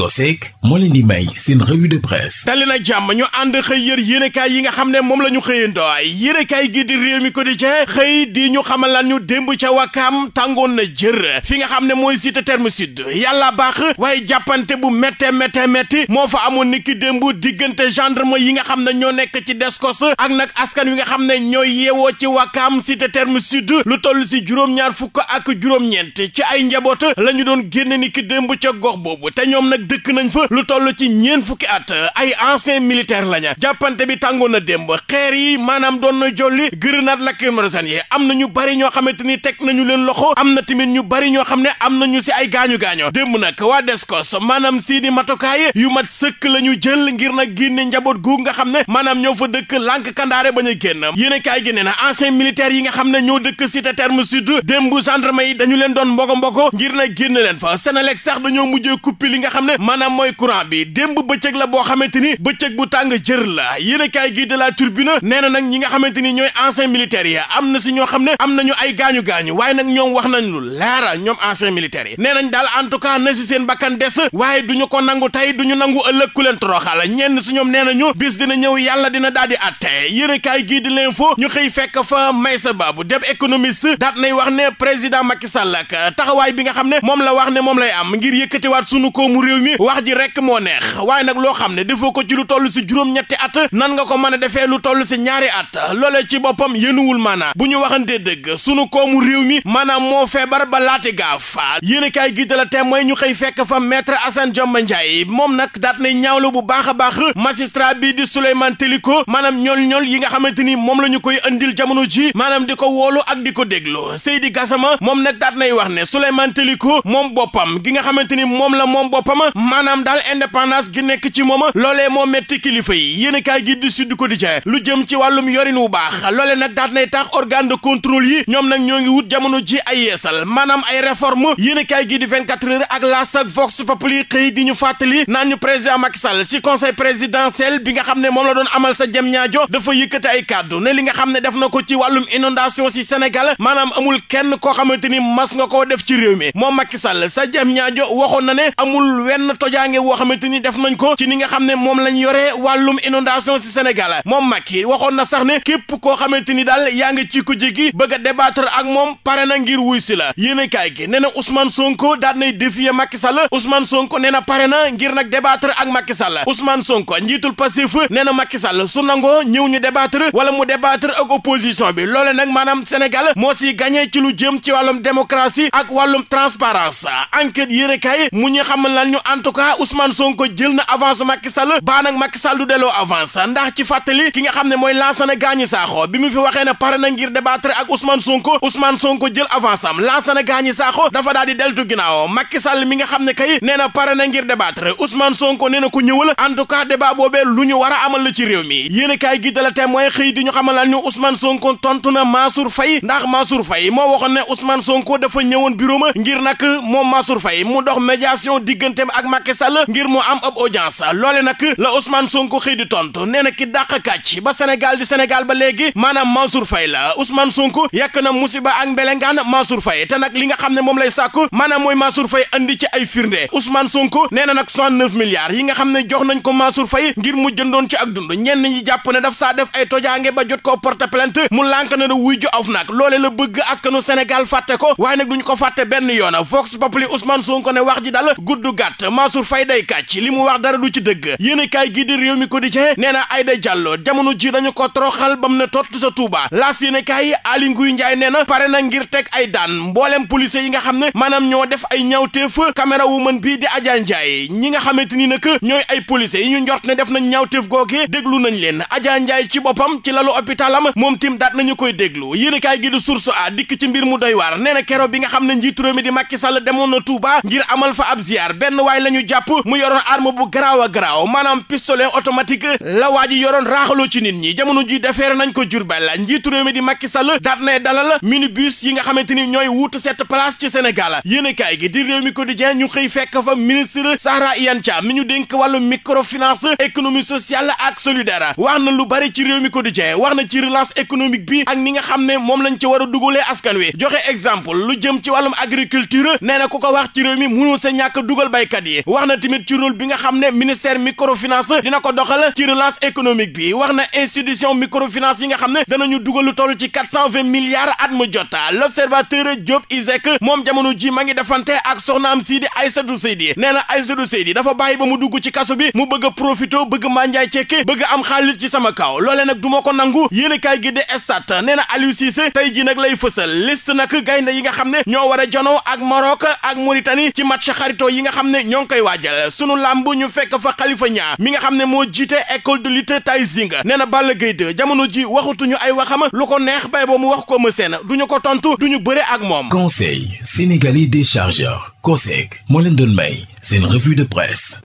Gosek moo leen di may seen revue de presse tali na jàmm ñu ànd xëy yër yéenekaay yi nga xam ne moom la ñu xëyandoo yéenekaay gi di réew mi quotidien xëy di ñu xamal lan ñu démb ca wakaam tàngoon na jër fi nga xam ne mooy cité Terme Sud yàlla baax waaye jàppante bu métte métte métti moo fa amoon niki démb diggante gendarme yi nga xam ne ñoo nekk ci des Descos ak nag askan wi nga xam ne ñooy yeewoo ci wakaam cité Terme Sud lu toll si juróom-ñaar fukk ak juróom ci ay njaboot la ñu doon génn niki démb ca gox dëkk nañ fa lu toll ci ñeen fukki at ay ancien militaire laña jàppante bi tàngoon na démb xeer yi maanaam doon na jolli grenade lacrymogène yi am na ñu bari ñoo xamante ni teg nañu leen loxo am na tamit ñu bari ñoo xam ne am nañu si ay gaañu gaañoo démb nag waa Descos maanaam sii di matukaay yu mat sëkk la ñu jël ngir nag génne njaboot gu nga xam ne maanaam ñoo fa dëkk lank kandaare bañ a génn yéen kaay gi nee na ancien militaire yi nga xam ne ñoo dëkk cité terme sud démb gendarme yi dañu leen doon mboko mboko ngir na génn leen fa Sénélec sax dañoo mujjee coupé li nga xam ne maanaam mooy courant bi démb bëccëg la boo xamante ni bëccëg bu tàng jër la yéen a kaay gi de la turbine nee na nag ñi nga xamante ni ñooy ancien militaire yi am na si ñoo xam ne am nañu ay gaañu-gaañu waaye nag ñoom wax nañ ñu leera ñoom ancien militaire yi nee nañ daal en tout cas na si seen bakkan des waaye duñu ko nangu tey duñu nangu ëllëg ku leen toroxal ñenn si ñoom nee nañu bis dina ñëw yàlla dina daal di atte yéen a kaay gi di l'info ñu xëy fekk fa Maysa Babu deb économiste daat nay wax ne président Macky Sall taxawaay bi nga xam ne moom la wax ne moom lay am ngir yëkkatiwaat sunu koomu réew réew wax ji rek moo neex waaye nag loo xam ne defoo ko ci lu toll si juróom-ñetti at nan nga ko mën a defee lu toll si ñaari at loolee ci boppam yéenuwul maanaam bu ñu waxantee dëgg sunu koomu réew mi maanaam moo feebar ba laate gaaf yéen kaay gi de la témoin ñu xëy fekk fa maître Assane Diomba Ndiaye moom nag daat nay ñaawlu bu baax a baax magistrat bi di Souleymane ko maanaam ñool ñool yi nga xamante ni moom la ñu koy andil jamono ji maanaam di ko woolu ak di ko déglu Seydi Gassama moom nag daat nay wax ne Souleymane Teliko moom boppam gi nga xamante ni moom la moom boppam maanaam daal indépendance gi nekk ci moom loolee moo metti kilifa yi yéen a kaay gi di Sud Quotidien lu jëm ci wàllum yorin wu baax loole nag daat nay tax organe de contrôle yi ñoom nag ñoo ngi wut jamono ji ay yeesal maanaam ay réforme yéen a kaay gi di 24 heures ak L'As ak Vox Populi xëy di ñu fàttali naa ñu président Macky Sall ci conseil présidentiel bi nga xam ne moom la doon amal sa jëm ñaajo dafa yëkkati ay kàddu ne li nga xam ne def na ko ci wàllum inondation si Sénégal maanaam amul kenn koo xamante ni mas nga koo def ci réew mi moom Macky Sall sa jëm ñaajo waxoon na ne amul benn tojaange woo xamante ni def nañ ko ci ni nga xam ne moom lañ yore wàllum inondation si Sénégal moom Macky waxoon na sax ne képp koo xamante ni daal yaa ngi ci ko jigi bëgg a ak moom pare na ngir wuy si la yéen a kaay gi nee na Ousmane Sonko daan nay défier Macky Sall Ousmane Sonko nee na pare na ngir nag débattre ak Macky Sall Ousmane Sonko njiitul Pastef nee na Macky Sall su nangoo ñëw ñu débattre wala mu débattre ak opposition bi loole nag maanaam Sénégal moo si gagné ci lu jëm ci wàllum démocratie ak wàllum transparence enquête yéen a kaay mu ñu xamal en tout cas Ousmane Sonko jël na avance Macky Sall baa nag Macky Sall du delloo avance ndax ci fàttali ki nga xam ne mooy Lansana Gagny Sakho bi mu fi waxee ne pare na ngir débattre ak Ousmane Sonko Ousmane Sonko jël avance am Lansana Gagny Sakho dafa daal di deltu ginnaaw Macky Sall mi nga xam ne kay nee na pare na ngir débattre Ousmane Sonko nee na ku ñëwal en tout cas débat boobee lu ñu war a amal réew mi yéen kaay gi de la témoin xëy di ñu xamal lan ñu Ousmane Sonko na Mansour Faye ndax moo waxoon ne Ousmane Sonko dafa ñëwoon bureau ma ngir nag moom Mansour Faye mu dox médiation digganteem ak Macky Sall ngir mu am ab audience loole nag la Ousmane Sonko xëy di tontu nee na ki dàq kàcc ba Sénégal di Sénégal ba léegi maanaam Mansour fay la Ousmane Sonko yàq na musiba ak mbelengaan Mansour Faye te nag li nga xam ne moom lay sàkku maanaam mooy Mansour Faye andi ci ay firnde Ousmane Sonko nee na nag 69 milliards yi nga xam ne jox nañ ko Mansour Faye ngir mu jëndoon ci ak dund ñenn ñi jàpp ne daf saa def ay tojaange ba jot ko porte plainte mu lànk na da wuy ju loole la bëgg askanu Sénégal fàtte ko waaye nag ko fàtte benn yoona Vox Populi Ousmane Sonko ne wax ji dal gudd gàtt Mansour Faye day kàcc li mu wax dara du ci dëgg yéen kaay gi di réew mi quotidien nee na Aïda Diallo jamono ji dañu ko toroxal bam ne tott sa Touba laas yéen kaay Aly Ngouille Ndiaye nee na pare na ngir teg ay daan mboolem policier yi nga xam ne maanaam ñoo def ay ñawteef caméra wu mën bii di Adja Ndiaye ñi nga xamante ni nag ñooy ay policier yi ñu njort ne def nañ ñawteef googe déglu nañ leen Adja Ndiaye ci boppam ci lalu hôpitalam moom tim daat nañu koy déglu yéen gi di source a dikk ci mbir mu doy waar nee na kero bi nga xam ne njiitu mi di Macky Sall demoon na Touba ngir amal fa ab ziar benn Ndiaye la ñu jàpp mu yoroon arme bu garaaw a garaaw maanaam pistolet automatique la waa ji yoroon raaxaloo ci nit ñi jamono ji defeere nañ ko Jurbel la njiitu réew mi di Macky Sall daat nay dalal minibus yi nga xamante ni ñooy wuutu set place ci Sénégal yéene kaay gi di réew mi quotidien ñu xëy fekk fa ministre Zahra Iyane Thiam mi ñu dénk wàllu microfinance économie sociale ak solidaire wax na lu bari ci réew mi quotidien wax na ci relance économique bi ak ni nga xam ne moom lañ ci war a dugalee askan wi joxe exemple lu jëm ci wàllum agriculture nee na ku ko wax ci réew mi mënoo sa ñàkk dugal baykat yi yi wax na tamit ci rôle bi nga xam ne ministère microfinance dina ko doxal ci relance économique bi wax na institution microfinance yi nga xam ne danañu dugal lu toll ci quatre cent vingt milliards at mu jot l'observateur Diop Isaac moom jamono ji ma ngi defante ak soxnaam sii di Aïssatou Seydi nee na Aïssatou Seydi dafa bàyyi ba mu dugg ci kaso bi mu bëgg a profité bëgg manjaay cekke bëgg am xaalis ci sama kaw loole nag du ma ko nangu yéen a kaay gi de Stades nee na Aliou tey ji nag lay fësal liste nag gaynde yi nga xam ne ñoo war a jonoo ak Maroc ak Mauritanie ci match xaritoo yi nga xam ne ñoo ngi koy waajal sunu làmb ñu fekk fa Khalifa Niang mi nga xam ne moo jiite école de lutte Taïzinga ne na Balla Gaye 2 jamono ji waxatuñu ay waxam lu ko neex bay boo mu wax ko ma seen duñu ko tontu duñu bëre ak moom. Conseil sénégalais des chargeurs COSEC moo leen doon may seen revue de presse.